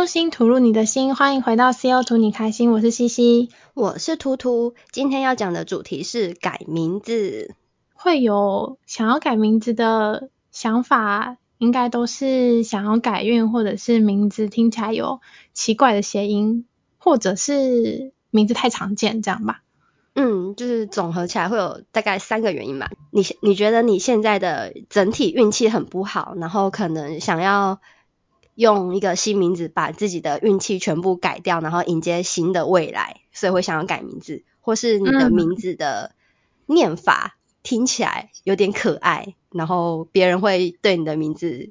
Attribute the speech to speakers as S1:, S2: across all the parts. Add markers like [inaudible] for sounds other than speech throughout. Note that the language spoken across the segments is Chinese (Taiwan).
S1: 用心吐露你的心，歡迎回到 C.O. 吐你開心，我是西西，我是圖圖。今天要講的主題是改名字，會有想要改名字的想法，應該都是想要改運，或者是名字聽起來有奇怪的諧音，或者是名字太常見，這樣吧。
S2: 嗯，就是綜合起來會有大概三個原因吧。你你覺得你現在的整體運氣很不好，然後可能想要。用一個新名字把自己的運氣全部改掉，然後迎接新的未來，所以會想要改名字，或是你的名字的念法，嗯、聽起來有點可愛，然後別人會對你的名字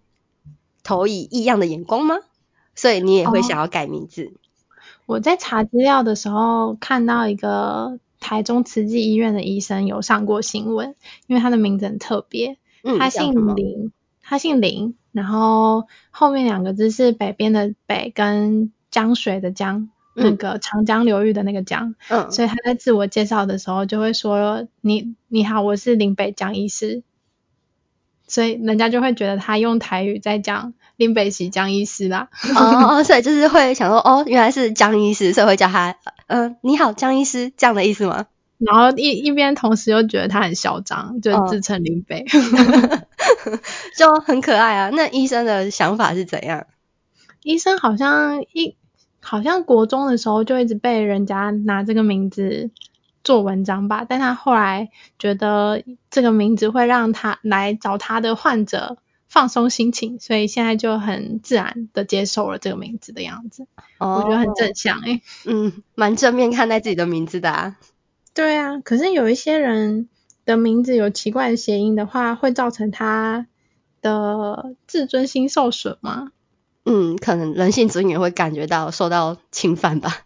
S2: 投以異樣的眼光嗎？
S1: 所以你也會想要改名字。哦、我在查資料的時候看到一個台中慈濟醫院的醫生有上過新聞，因為他的名字很特別，嗯，他姓林，他姓林。然後後面兩個字是北邊的北跟江水的江、嗯，那個長江流域的那個江，嗯，所以他在自我介紹的時候就會說、嗯、你你好，我是林北江醫師，所以人家就會覺得他用台語在講林北是江醫師啦。哦哦，
S2: 所以就是會想說哦，原來是江醫師，所以會叫他嗯、呃、你好江醫師，這樣的意思嗎？然後一一邊同時又覺得他很囂張，就自稱林北。哦 [laughs]
S1: [laughs] 就很可愛啊！那醫生的想法是怎樣？醫生好像一好像國中的時候就一直被人家拿這個名字做文章吧，但他後來覺得這個名字會讓他來找他的患者放鬆心情，所以現在就很自然的接受了這個名字的樣子。Oh, 我覺得很正向誒、欸，嗯，蠻正面看待自己的名字的啊。對啊，可是有一些人。的名字有奇怪的諧音的話，會造成他的自尊心受損嗎？嗯，可能人
S2: 性子女會感覺到受到侵犯吧。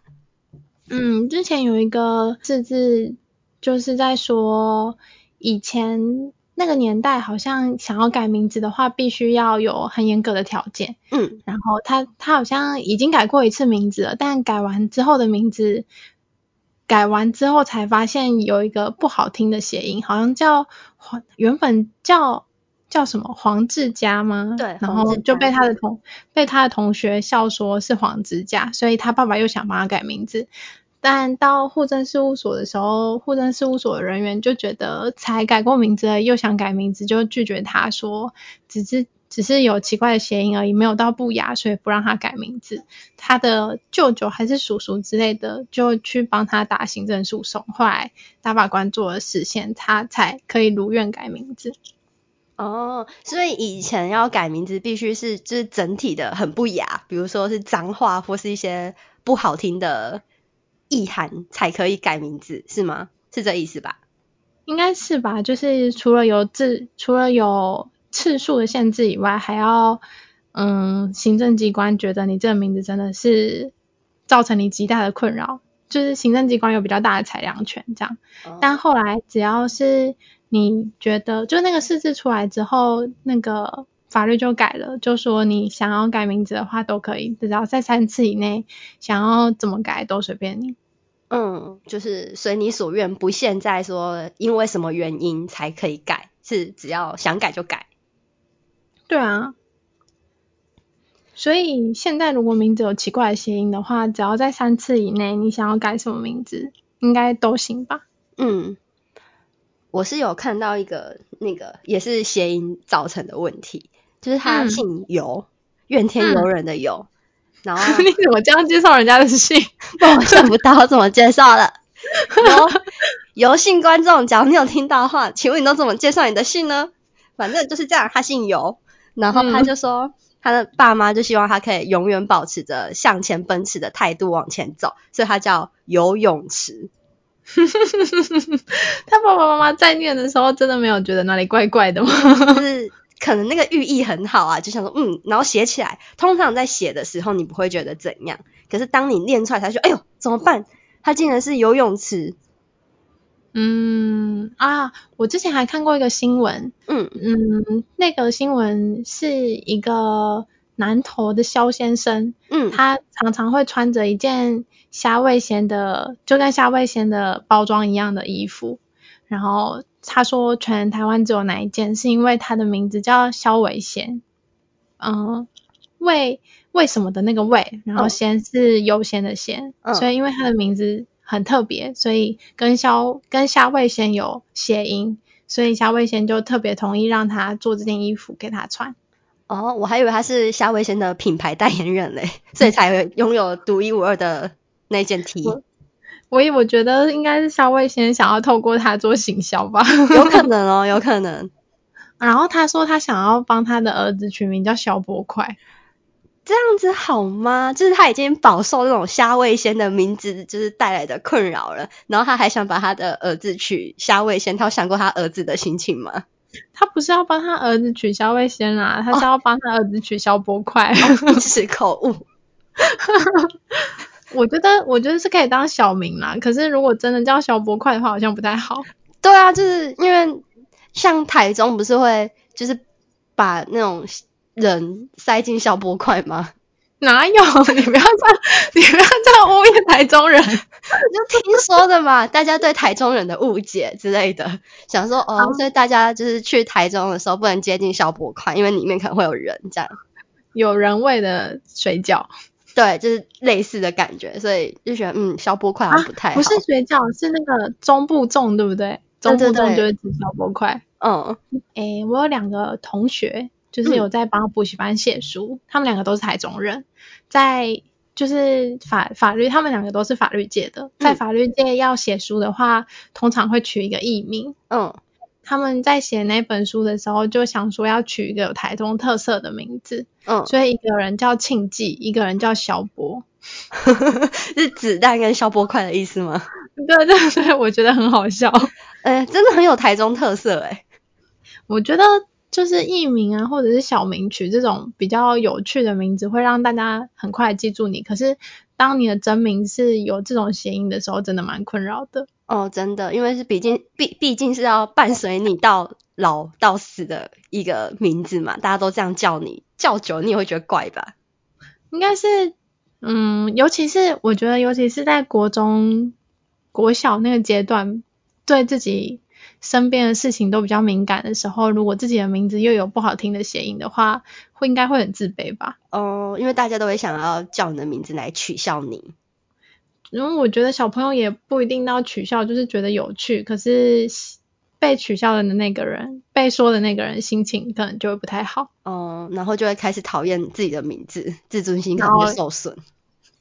S2: 嗯，
S1: 之前有一個字字，就是在說以前那個年代，好像想要改名字的話，必須要有很嚴格的條件。嗯，然後他他好像已經改過一次名字了，但改完之後的名字。改完之後才發現有一個不好聽的諧音，好像叫黃原本叫叫什麼黃志佳嗎？對，然後就被他的同被他的同學笑說是黃指甲。所以他爸爸又想幫他改名字，但到戶政事務所的時候，戶政事務所的人員就覺得才改過名字又想改名字，就拒絕他說只是。只是有奇怪的諧音而已，沒有到不雅，所以不讓他改名字。他的舅舅還是叔叔之類的，就去幫他打行政訴訟，後來大法官做了釋憲，他才可以如願改名字。
S2: 哦，所以以前要改名字必須、必須是就是整體的很不雅，比如說是髒話或是一些不好聽的意涵，才可以改名字，是嗎？是這意思吧？
S1: 應該是吧，就是除了有字，除了有，次數的限制以外，還要，嗯，行政機關覺得你這個名字真的是造成你極大的困擾，就是行政機關有比較大的裁量權這樣。哦、但後來，只要是你覺得，就那個釋字出來之後，那個法律就改了，就說你想要改名字的話都可以，只要在三次以內，想要怎麼改都隨便你。嗯，就是
S2: 隨你所願，不限在說因為什麼原因才可以改，是只要想改
S1: 就改。對啊，所以現在如果名字有奇怪的諧音的話，只要在三次以內，你想要改什麼名字應該都行吧？嗯，
S2: 我是有看到一個那個也是諧音造成的問題，就是他姓尤、嗯，怨天尤人的尤、嗯。然後 [laughs] 你怎麼這樣介紹人家的姓？我想不到怎麼介紹了。然後尤 [laughs] 姓觀眾，假如你有聽到的話，請問你都怎麼介紹你的姓呢？反正就是這樣，他姓尤。然後他就說，他的爸媽就希望他可以永遠保持着向前奔馳的態度往前走，所以他叫游泳池。 [laughs] 他爸爸媽媽在念的時候，真的沒有覺得哪裡怪怪的嗎？就是可能那個寓意很好啊，就想說嗯，然後寫起來，通常在寫的時候你不會覺得怎樣，可是當你念出來，他說哎呦怎麼辦？他竟然是游泳池。
S1: 嗯啊，我之前還看過一個新聞，嗯嗯，那個新聞是一個南投的蕭先生，嗯，他常常會穿着一件蝦味先的，就跟蝦味先的包裝一樣的衣服，然後他說全台灣只有哪一件，是因為他的名字叫蕭為先，嗯，為為什麼的那個為，然後先是優先的先、哦，所以因為他的名字。很特別，所以跟肖跟蝦味先有諧音，所以蝦味先就特別同意讓他做這件衣服給他穿。
S2: 哦，我還以為他是蝦味先的品牌代言人嘞，所以才擁有獨 [laughs] 一無二的那件 T。我我，以我覺得應該是
S1: 蝦味先想要透過他做行銷吧， [laughs] 有可能哦，有可能。 [laughs] 然後他說他想要幫他的兒子取名叫肖博快。這樣子好嗎？
S2: 就是他已經飽受那種蝦味先的名字就是帶來的困擾了，然後他還想把他的兒子取蝦味先，他有想過他兒子的心情嗎？
S1: 他不是要幫他兒子取蝦味先啊，哦、他是要幫他兒子取消波塊。一、哦、時 [laughs] 口誤物。 [laughs] 我覺得我覺得是可以當小名啦，可是如果真的叫消波塊的話，好像不太好。對啊，就是因為像台中不是會
S2: 就是把那種。人塞進消波塊嗎？哪有？你不要這樣，你不要這樣污衊台中人。 [laughs] 你就聽說的嘛， [laughs] 大家對台中人的誤解之類的，想說哦，所以大家就是去台中的時候不能接近消波塊，因為裡面可能會有人，這樣有人味的水餃。對，就是類似的感覺，所以就覺得嗯，消波塊好像不太好，啊……不是
S1: 水餃，是那個中部粽，對不對？中部粽就是指消波塊。嗯，哎、欸，我有兩個同學。就是有在幫補習班寫書、嗯，他們兩個都是台中人，在就是法法律，他們兩個都是法律界的，在法律界要寫書的話、嗯，通常會取一個藝名。嗯，他們在寫那本書的時候，就想說要取一個有台中特色的名字。嗯，所以一個人叫慶記，一個人叫消波， [laughs] 是子彈跟消波塊的意思嗎？對對，對，所以我覺得很好笑。誒、欸、真的很有台中特色，哎、欸，我覺得。就是藝名啊，或者是小名取這種比較有趣的名字，會讓大家很快記住你。可是當你的真名是有這種諧音的時候，真的蠻困擾的。哦，真的，因為是畢竟畢畢竟是要伴隨你到老到死的
S2: 一個名字嘛，大家都這樣叫你，叫久你也會覺得怪吧？
S1: 應該是，嗯，尤其是我覺得，尤其是在國中、國小那個階段，對自己。身邊的事情都比較敏感的時候，如果自己的名字又有不好聽的諧音的話，會應該會很自卑吧？
S2: 哦，因為大家都會想要叫你的名字來取笑你。
S1: 然後我覺得小朋友也不一定要取笑，就是覺得有趣。可是被取笑的那個人，被說的那個人，心情可能就會不太好。
S2: 哦，然後就會開始討厭自己的名字，自尊心可能會受損。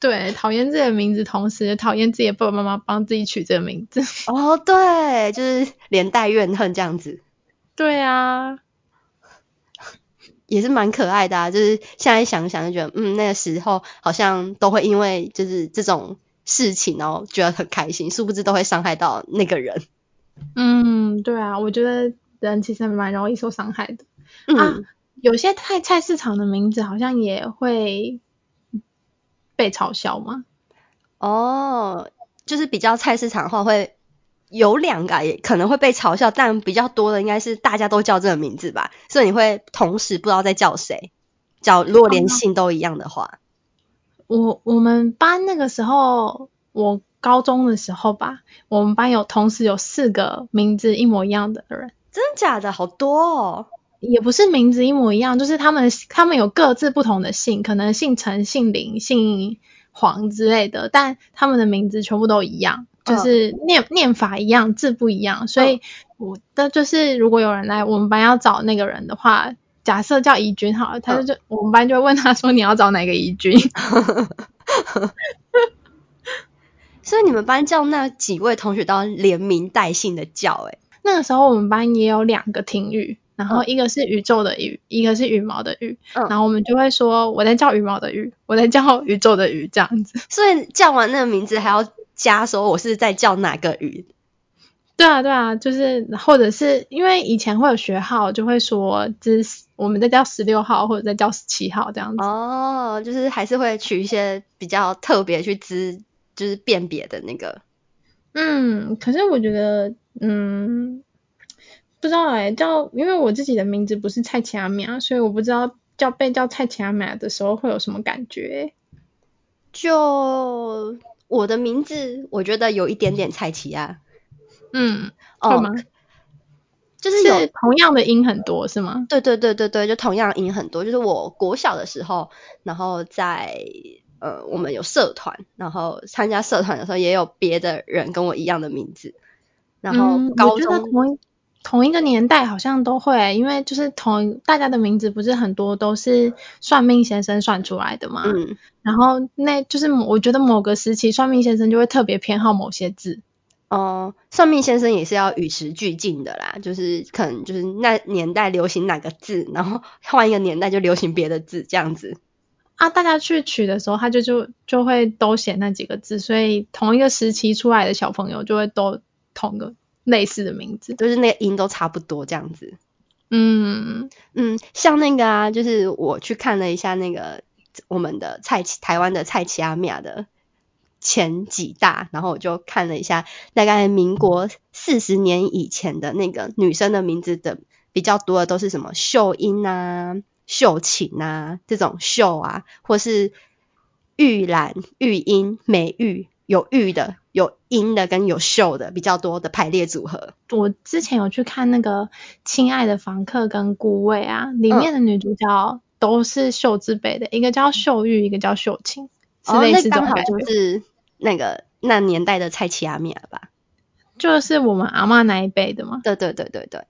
S1: 對，討厭自己的名字，同時也討厭自己的爸爸媽媽幫自己取這個名字。哦，對，就是連帶怨恨這樣子。對啊，
S2: 也是蠻可愛的啊。就是現在想想，就覺得，嗯，那個時候好像都會因為就是這種事情，然後覺得很開心，殊不知都會傷害到那個人。
S1: 嗯，對啊，我覺得人其實蠻容易受傷害的。嗯。啊，有些菜菜市場的名字好像也會被嘲笑嗎？哦，就是比較菜市場的話會
S2: 有兩個，也可能會被嘲笑，但比較多的應該是大家都叫這個名字吧，所以你會同時不知道在叫誰叫。若連姓都一樣的話，
S1: 我我們班那個時候，我高中的時候吧，我們班有同時有四個名字一模一樣的人。真的假的？好多哦。也不是名字一模一樣，就是他們他們有各自不同的姓，可能姓陳、姓林、姓黃之類的，但他們的名字全部都一樣，就是念、uh. 念法一樣，字不一樣。所以、uh. 我的就是，如果有人來我們班要找那個人的話，假設叫怡君好了，他就，就、uh. 我們班就會問他說，你要找哪個怡君？ [laughs] [laughs] 所以你們班叫那幾位同學都
S2: 連名帶姓的叫、欸？
S1: 哎，那個時候我們班也有兩個聽雨。然後一個是宇宙的宇、嗯，一個是羽毛的羽、嗯，然後我們就會說，我在叫羽毛的羽，我在叫宇宙的宇這樣子。所以叫完那個名字還要加說，我是在叫哪個宇？對啊，對啊，就是或者是因為以前會有學號，就會說，這是我們在叫十六號或者在叫十七號這樣子。哦，就是還是會取一
S2: 些比較特別去知，就是辨別的那個。
S1: 嗯，可是我覺得，嗯。不知道哎、欸，叫因為我自己的名字不是蔡琪亞米啊，所以我不知道叫被叫蔡琪亞米的時候會有什麼感覺。就我的名字，我覺得有一點點蔡琪亞。嗯，哦，是就是有同樣的音很多是嗎？
S2: 對對對對對，就同樣的音很多。就是我國小的時候，然後在呃我們有社團，然後參加社團的時候也有別的人跟我一樣的名字。然後高中。嗯
S1: 同一個年代好像都會，因為就是同大家的名字不是很多都是算命先生算出來的嘛？嗯。然後那就是我覺得某個時期算命先生就會特別偏好某些字。哦、
S2: 呃，算命先生也是要與時俱進的啦，就是可能就是那年代流行哪個
S1: 字，然後換一個年代就流行別的字這樣子。啊，大家去取的時候他就就就會都寫那幾個字，所以同一個時期出來的小朋友就會都同個。類似的名字，就是那個音都差不多這樣子。
S2: 嗯嗯，像那個啊，就是我去看了一下那個我們的菜台灣的菜市仔名的前幾大，然後我就看了一下大概民國四十年以前的那個女生的名字的比較多的都是什麼秀英啊、秀琴啊這種秀啊，或是玉蘭、玉英、美玉。有玉的、有英的跟有秀的比較
S1: 多的排列組合。我之前有去看那個《親愛的房客》跟《孤味》啊，裡面的女主角都是秀字輩的、嗯，一個叫秀玉，一個叫秀青。是類似這、哦、剛好就是
S2: 那個那年代的菜市仔名吧？就是我們阿嬤那一輩的嘛。對對對對對。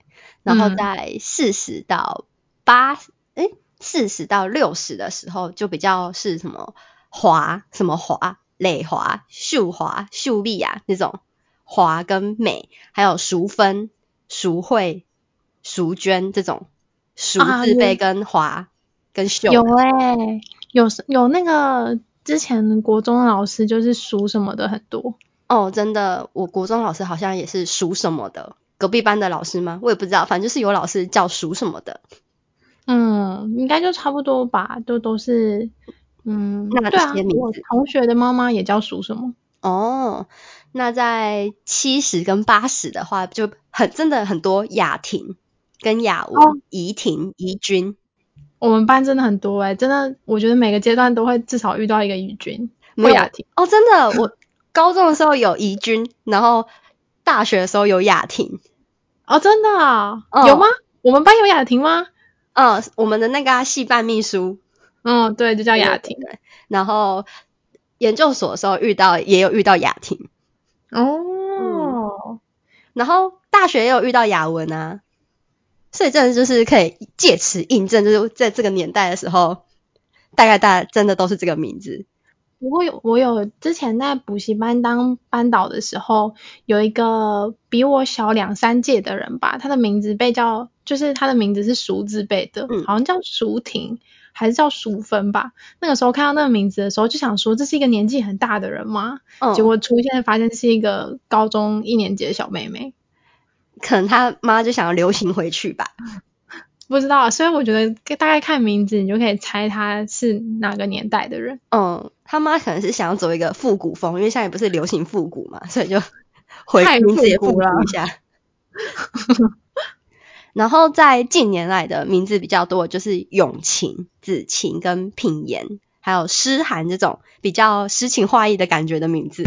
S2: 然後在四十到八十、嗯，哎、嗯，四十到六十的時候，就比較是什麼華什麼華。蕾華、秀華、秀麗啊，那種華跟美，還有淑芬、淑慧、淑娟這種淑字輩跟華、啊、
S1: 跟秀。有誒有有那個之前國中的老師就是淑什麼的很多哦，真的，
S2: 我國中老師好像也是淑什麼的，隔壁班的老師嗎？我也不知道，反正就是有老師叫淑什麼的。
S1: 嗯，應該就差不多吧，都都是。嗯，那對、啊，我同學的媽媽也叫屬什麼？哦，那在七十
S2: 跟八十的話，就很真的很多雅婷跟雅文、怡、哦、婷、
S1: 怡君。我們班真的很多哎、欸，真的，我覺得每個階段都會至少遇到一個怡君、
S2: 雅婷
S1: 哦，真的，我高中的時候有怡君，然後
S2: 大學的時候有雅婷，哦，真的啊、哦，有嗎？我們班有雅婷嗎？嗯，我們的那個系、啊、辦秘書。哦、嗯，對，就叫雅婷。然後研究所的時候遇到，也有遇到雅婷。哦。嗯、然後大學也有遇到雅文啊。所以真的就是可以借此印證，就是在這個年代的時候，大概大真的都是這個名字。
S1: 不過我有，我有之前在補習班當班導的時候，有一個比我小兩三屆的人吧，他的名字被叫，就是他的名字是淑字輩的，嗯、好像叫淑婷。還是叫淑芬吧。那個時候看到那個名字的時候，就想說這是一個年紀很大的人嗎？嗯，結果出現，發現是一個高中一年級的小妹妹，
S2: 可能他媽就想要流行回去吧，
S1: 不知道。所以我覺得大概看名字你就可以猜她是哪個年代的人。嗯，
S2: 他媽可能是想要走一個復古風，因為現在不是流行復古嘛，所以就回復古一下。 [laughs] 然後在近年來的名字比較多，就是永晴、子晴跟品言，還有詩涵這種比較詩情畫意的感覺的名字。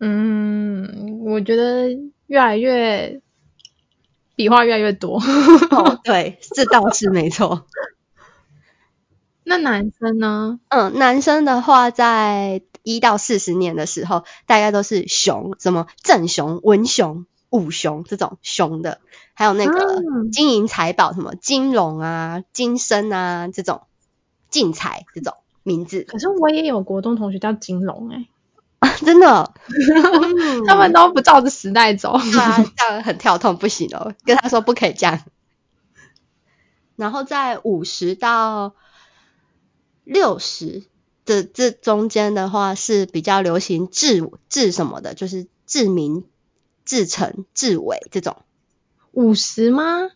S1: 嗯，我覺得越來越筆畫越來越多、 [laughs] 哦，對，這
S2: 倒是沒錯。 [laughs] 那男生呢？嗯，男生的話，在一到四十年的時候，大概都是雄，什麼正雄、文雄。五雄這種雄的，還有那個金銀財寶，什麼、嗯、金龍啊、金身啊這種，金財這種名字。可是我也有國中同學叫金龍哎、欸啊，真的、嗯，他們都不照着時代走， [laughs] 時代走、啊，這樣很跳通不行哦、喔，跟他說不可以這樣。然後在五十到六十的這中間的話，是比較流行志志什麼的，就是志明。至成至偉這種五十嗎？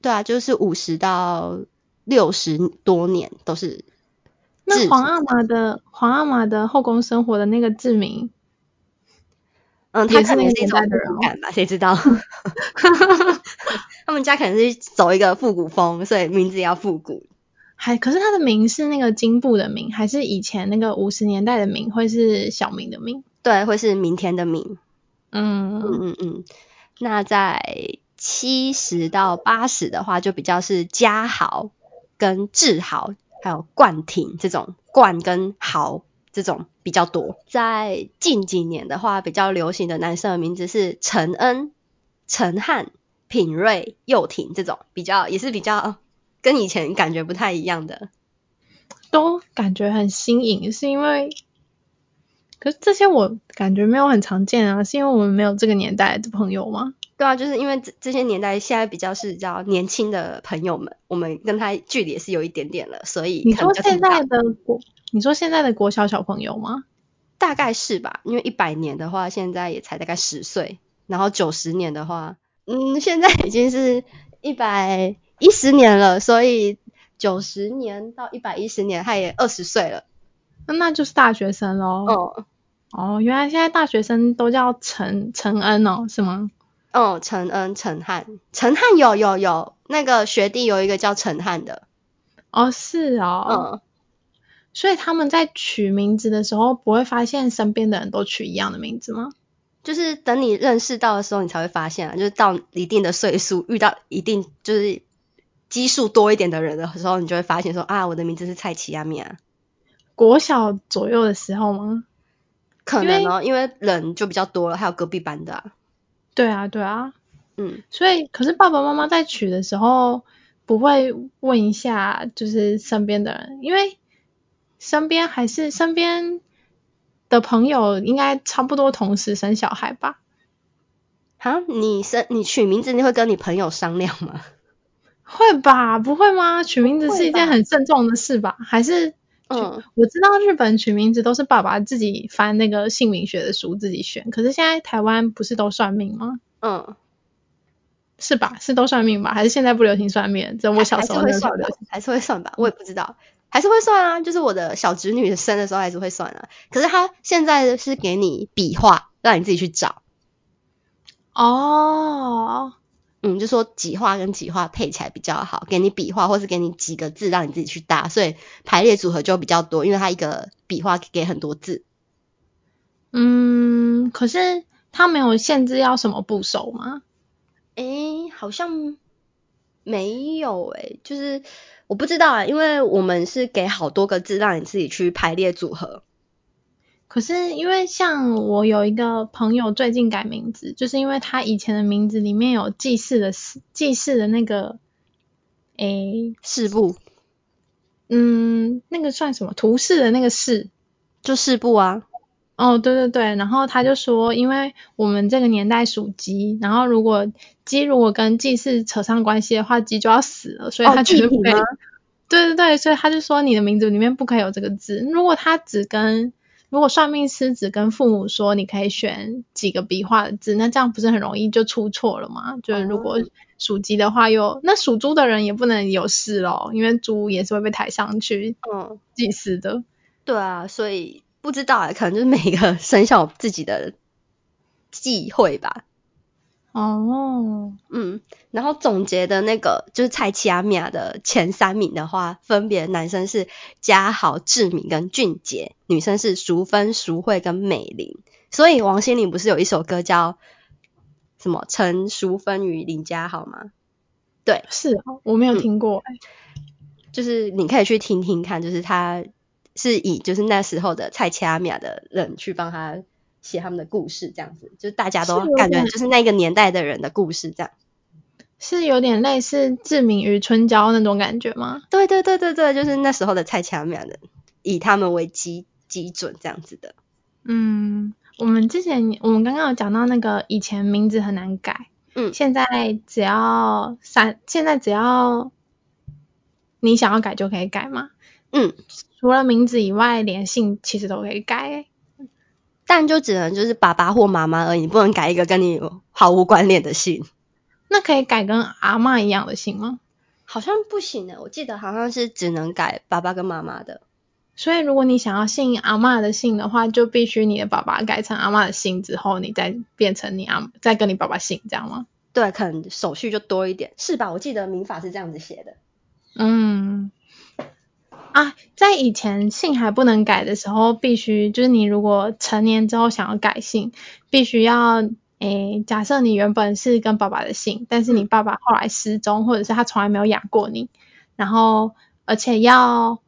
S2: 對啊，就是五十到六十多年都是。
S1: 那皇阿瑪的皇阿瑪的後宮生活的那個字名，嗯，他是那個年
S2: 代的人吧？誰知道？知道 [laughs] [laughs] [laughs] 他們家可能是走一個復古
S1: 風，所以名字也要復古。還可是他的名是那個金布的名，還是以前那個五十年代的名？或是小明的名？對，或是明天的名。
S2: 嗯嗯嗯，那在七十到八十的話，就比較是嘉豪，跟志豪，還有冠廷這種冠跟豪這種比較多。在近幾年的話，比較流行的男生的名字是承恩、承翰、品睿、佑廷這種，比較也是比較跟以前感覺不太一樣的，
S1: 都感覺很新穎，是因為。可是這些我感覺沒有很常見啊，是因為我們沒有這個年代的朋友嗎？
S2: 對啊，就是因為這這些年代現在比較是比較年輕的朋友們，我們跟他距離也是有一點點了，所以你看，
S1: 你說現在的國，你說現在的國小小朋友嗎？
S2: 大概是吧，因為一百年的話，現在也才大概十歲，然後九十年的話，嗯，現在已經是一百一十年了，所以九十年到一百一十年，他也二十歲了，
S1: 那，那就是大學生嘍，哦。哦，原來現在大學生都叫陳陳恩哦，是嗎？
S2: 哦，陳恩、陳漢、
S1: 陳漢有有有那個學弟有一個叫陳漢的。哦，是哦。嗯。所以他們在取名字的時候，不會發現身邊的人都取一樣的名字嗎？就是等你認
S2: 識到的時候，你才會發現啊，就是到一定的歲數，遇到一定就是基數多一點的人的時候，你就會發現說啊，我的名字是蔡奇亞米亞。
S1: 國小左右的時候嗎？可能哦，因為，
S2: 因為人就比較多了，還有隔壁班的啊。
S1: 對啊，對啊，嗯。所以，可是爸爸媽媽在取的時候，不會問一下就是身邊的人，因為身邊還是身邊的朋友應該差不多同時生小孩吧？
S2: 啊，你生你取名字，你會跟你朋友商量嗎？會吧？
S1: 不會嗎？取名字是一件很慎重的事吧？吧還是？嗯，我知道日本取名字都是爸爸自己翻那個姓名學的書自己選，可是現在台灣不是都算命嗎？嗯，是吧？是都算命吧，還是現在不流行算命？這我小時候會算吧，還是會算吧？我也不知道，還是會算啊。就是我的小侄女生的時
S2: 候還是會算了，啊，可是他現在是給你筆畫，讓你自己去找。哦。嗯，就說幾畫跟幾畫配起來比較好，給你筆畫或是給你幾個字讓你自己去搭，所以排列組合就比較多，因為它一個筆畫給很多字。
S1: 嗯，可是它沒有限制
S2: 要什麼部首嗎？誒、欸、好像沒有誒、欸、就是我不知道啊，因為我們是給好多個字讓你自己去排列組合。
S1: 可是因為像我有一個朋友最近改名字，就是因為他以前的名字裡面有祭祀的祀，祭祀的那個誒示部，嗯，那個算什麼？圖示的那個示，就示部啊。哦，對對對。然後他就說，因為我們這個年代屬雞，然後如果雞如果跟祭祀扯上關係的話，雞就要死了，所以他就改。哦。對對對，所以他就說，你的名字裡面不可以有這個字。如果他只跟如果算命師只跟父母說，你可以選幾個筆畫的字，那這樣不是很容易就出錯了嗎？就是如果屬雞的話又，又那屬豬的人也不能有事咯，因為豬也是會被抬上去，嗯，祭祀的。對啊，所以不知道啊，可能就是每個生肖自己的忌諱吧。
S2: 哦、oh，嗯，然後總結的那個就是菜市仔名，的前三名的話，分別男生是家豪、志明跟俊傑，女生是淑芬、淑慧跟美玲。所以王心凌不是有一首歌叫什麼“陳淑芬與林家豪”嗎？對，是、啊、我沒有聽過、嗯，就是你可以去聽聽看，就是他是以就是那時候的菜市仔名的人去幫他。寫他們的故事，這樣子，就是大家都感覺就是那個年代的人的故事，這樣，
S1: 是有點類似志明與春嬌那種感覺嗎？
S2: 對對對對對，就是那時候的蔡康永的，以他們為基基準，這樣子的。
S1: 嗯，我們之前我們剛剛有講到那個以前名字很難改，嗯，現在只要三，現在只要你想要改就可以改嘛？嗯，除了名字以外，連姓其實都可以改。
S2: 但就只能就是爸爸或媽媽而已，不能改一個跟你毫無關聯的姓。
S1: 那可以改跟阿嬤一樣的姓嗎？好像不行的，我記得好像是只能改爸爸跟媽媽的。所以如果你想要姓阿嬤的姓的話，就必須你的爸爸改成阿嬤的姓之後，你再變成你阿，再跟你爸爸姓，這樣嗎？對，可能手續就多一點，是吧？我記得民法是這樣子寫的。嗯。啊，在以前姓還不能改的時候，必須就是你如果成年之後想要改姓，必須要誒，假設你原本是跟爸爸的姓，但是你爸爸後來失蹤，或者是他從來沒有養過你，然後而且要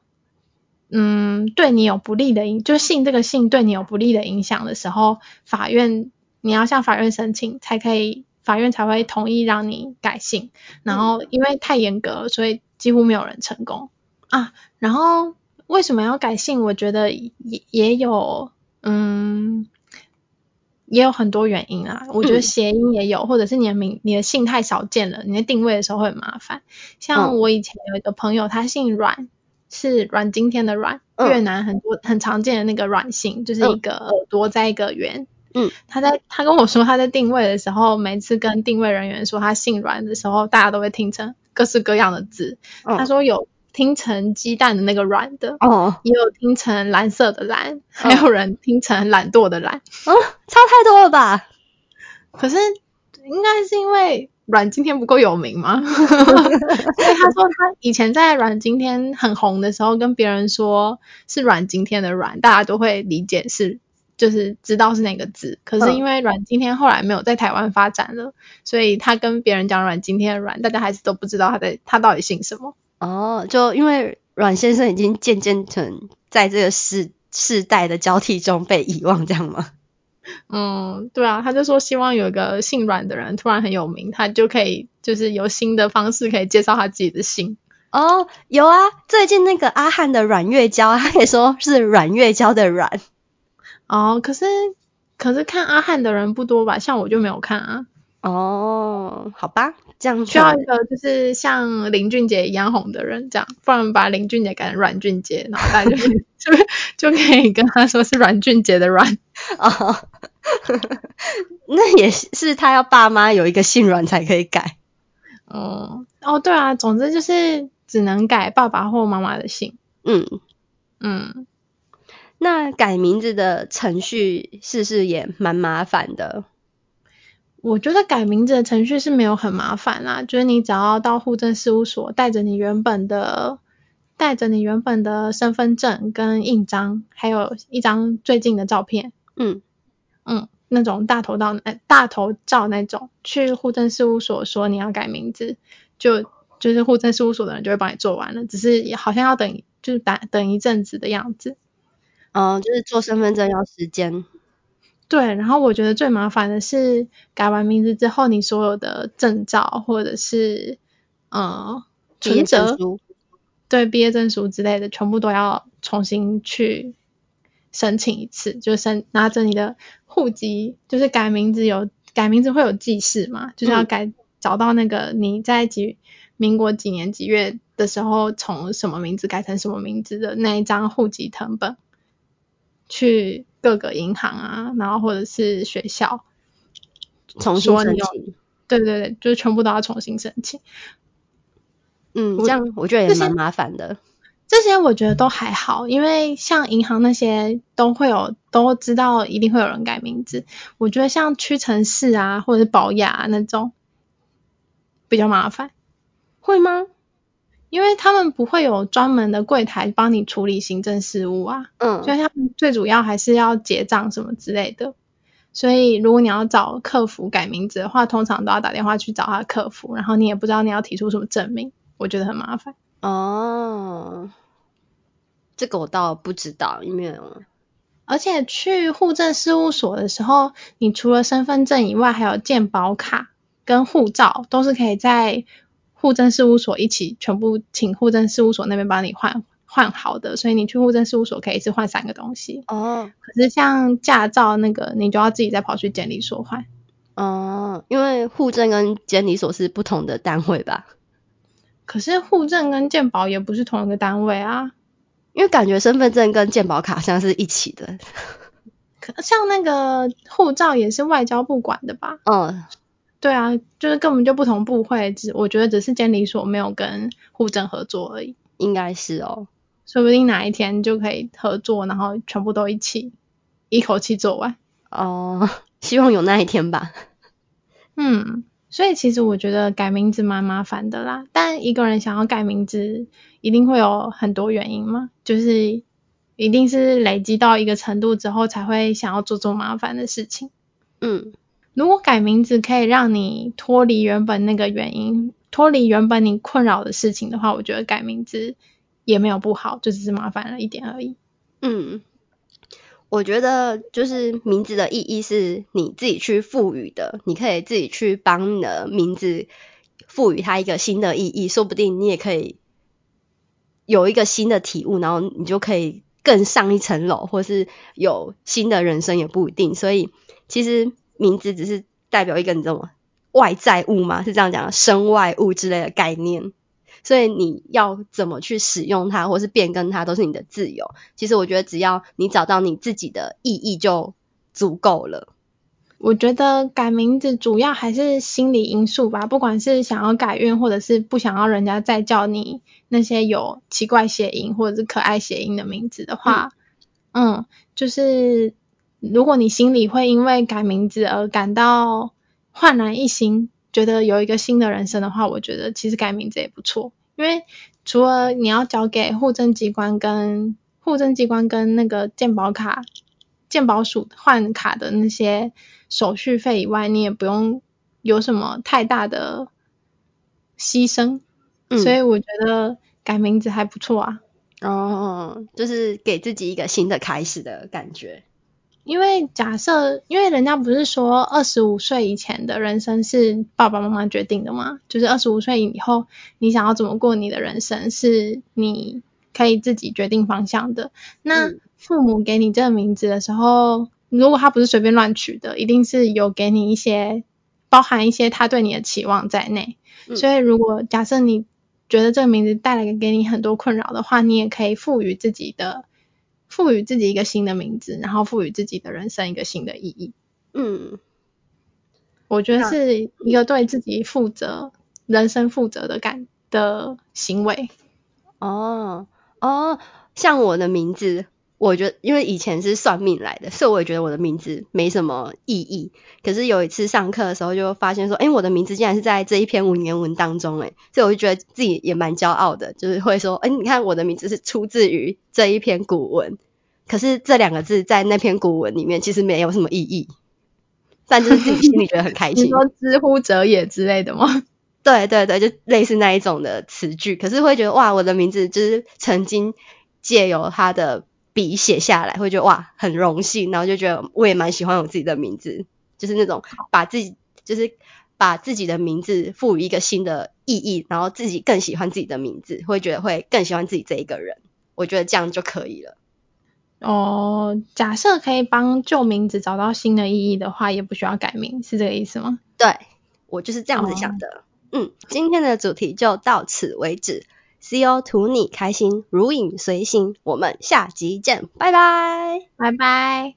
S1: 嗯對你有不利的影，就是姓這個姓對你有不利的影響的時候，法院你要向法院申請才可以，法院才會同意讓你改姓，然後因為太嚴格，所以幾乎沒有人成功。啊，然後為什麼要改姓？我覺得也也有，嗯，也有很多原因啊。我覺得諧音也有、嗯，或者是你的名、你的姓太少見了，你的定位的時候會很麻煩。像我以前有一個朋友，嗯、他姓阮，是阮經天的阮、嗯，越南很多很常見的那個阮姓，就是一個耳朵在一個圓。嗯，他在他跟我說他在定位的時候，每次跟定位人員說他姓阮的時候，大家都會聽成各式各樣的字。嗯、他說有。聽成雞蛋的那個卵的，oh. 也有聽成藍色的藍，還、嗯、有人聽成懶惰的懶，啊、嗯，差太多了吧？可是應該是因為阮經天不夠有名嗎？因 [laughs] 為 [laughs] 他說他以前在阮經天很紅的時候，跟別人說是阮經天的阮，大家都會理解是就是知道是哪個字。可是因為阮經天後來沒有在台灣發展了，嗯、所以他跟別人講阮經天的阮，大家還是都不知道他在他到底姓什麼。
S2: 哦，就因為阮先生已經漸漸成在這個世世代的交替中被遺忘，這樣嗎？嗯，
S1: 對啊，他就說希望有一個姓阮的人突然很有名，他就可以就是有新的方式可以介紹他自己的姓。哦，有啊，
S2: 最近那個阿翰的阮月嬌，他可以說是
S1: 阮月嬌的阮。哦，可是可是看阿翰的人不多吧？像我就沒有看啊。哦，好吧，這樣需要一個就是像林俊傑一樣紅的人，這樣不然把林俊傑改成阮俊傑，然後大家就就是 [laughs] [laughs] 就可以跟他說是阮俊傑的阮哦。 [laughs] 那也是他要爸媽有一個姓阮才可以改。哦、嗯，哦，對啊，總之就是只能改爸爸或媽媽的姓。嗯嗯，那改名字的程序是不是也蠻麻煩的？我覺得改名字的程序是沒有很麻煩啦、啊，就是你只要到戶政事務所，帶着你原本的，帶着你原本的身份證跟印章，還有一張最近的照片，嗯嗯，那種大頭照、大頭照那種，去戶政事務所說你要改名字，就就是戶政事務所的人就會幫你做完了，只是好像要等，就是等等一陣子的樣子，嗯、呃，就是做身份證要時間。對，然後我覺得最麻煩的是改完名字之後，你所有的證照或者是嗯、呃、存摺，對，畢業證書之類的，全部都要重新去申請一次，就申拿着你的戶籍，就是改名字有改名字會有記事嘛，就是要改、嗯、找到那個你在幾民國幾年幾月的時候從什麼名字改成什麼名字的那一張戶籍謄本。去各個銀行啊，然後或者是學校，
S2: 重新說你。
S1: 對對對，就是全部都要重新申請。嗯，這
S2: 樣我，這我覺得也蠻麻煩的。
S1: 這些我覺得都還好，因為像銀行那些都會有都知道，一定會有人改名字。我覺得像屈臣氏啊，或者是寶雅啊那種比較麻煩，會嗎？因為他們不會有專門的櫃檯幫你處理行政事務啊，嗯，所以他們最主要還是要結賬什麼之類的。所以如果你要找客服改名字的話，通常都要打電話去找他客服，然後你也不知道你要提出什麼證明，我覺得很麻煩。
S2: 哦，這個我倒不知道，因為
S1: 而且去戶政事務所的時候，你除了身份證以外，還有健保卡跟護照，都是可以在。戶政事務所一起全部請戶政事務所那邊幫你換換好的，所以你去戶政事務所可以一次換三個東西。哦、嗯，可是像駕照那個，你就要自己再跑去監理所換。嗯，因為戶政跟監理所是不同的單位吧？可是戶政跟健保也不是同一個單位啊。因
S2: 為感覺身份證跟健保卡像是一
S1: 起的，可像那個護照也是外交部管的吧？嗯。對啊，就是根本就不同部會，只我覺得只是監理所沒有跟戶政合作而已，應該是哦，說不定哪一天就可以合作，然後全部都一起一口氣做完哦，希望有那一天吧。嗯，所以其實我覺得改名字蠻麻煩的啦，但一個人想要改名字，一定會有很多原因嘛，就是一定是累積到一個程度之後，才會想要做這種麻煩的事情。嗯。如果改名字可以讓你脫離原本那個原因，脫離原本你困擾的事情的話，我覺得改名字也沒有不好，就只是麻煩了一點而已。嗯，
S2: 我覺得就是名字的意義是你自己去賦予的，你可以自己去幫你的名字賦予它一個新的意義，說不定你也可以有一個新的體悟，然後你就可以更上一層樓，或是有新的人生也不一定，所以其實。名字只是代表一個你這種外在物嘛，是這樣講的，身外物之類的概念。所以你要怎麼去使用它，或是變更它，都是你的自由。其實我覺得，只要你找到你自己的意義就足夠了。
S1: 我覺得改名字主要還是心理因素吧，不管是想要改運，或者是不想要人家再叫你那些有奇怪諧音或者是可愛諧音的名字的話，嗯，嗯就是。如果你心裡會因為改名字而感到煥然一新，覺得有一個新的人生的話，我覺得其實改名字也不錯。因為除了你要交給戶政機關跟、跟戶政機關跟那個健保卡、健保署換卡的那些手續費以外，你也不用有什麼太大的犧牲、嗯。所以我覺得改名字還不錯啊。哦，就是給自己一個新的開始的感覺。因為假設，因為人家不是說二十五歲以前的人生是爸爸媽媽決定的嗎？就是二十五歲以後，你想要怎麼過你的人生，是你可以自己決定方向的。那父母給你這個名字的時候，如果他不是隨便亂取的，一定是有給你一些包含一些他對你的期望在內。嗯。所以，如果假設你覺得這個名字帶來給你很多困擾的話，你也可以賦予自己的。賦予自己一個新的名字，然後賦予自己的人生一個新的意義。嗯，我覺得是一個對自己負責、嗯、人生負責的感的行
S2: 為。哦哦，像我的名字。我覺得，因為以前是算命來的，所以我也覺得我的名字沒什麼意義。可是有一次上課的時候，就發現說，哎、欸，我的名字竟然是在這一篇文言文當中，哎，所以我就覺得自己也蠻驕傲的，就是會說，哎、欸，你看我的名字是出自於這一篇古文，可是這兩個字在那篇古文裡面其實沒有什麼意義，但就是自己心裡覺得很開心。 [laughs] 你說“之乎者
S1: 也”之類的嗎？
S2: 對對對，就類似那一種的詞句。可是會覺得，哇，我的名字就是曾經借由他的筆寫下來，會覺得哇，很榮幸，然後就覺得我也蠻喜歡我自己的名字，就是那種把自己就是把自己的名字賦予一個新的意義，然後自己更喜歡自己的名字，會覺得會更喜歡自己這一個人。我覺得這樣就可以
S1: 了。哦，假設可以幫舊名字找到新的意義的話，也不需要改名，是這個意思嗎？對，我就是這樣子想的。哦、
S2: 嗯，今天的主題就到此為止。See you，圖你開心，如影隨形。我們下集見，拜拜，拜拜。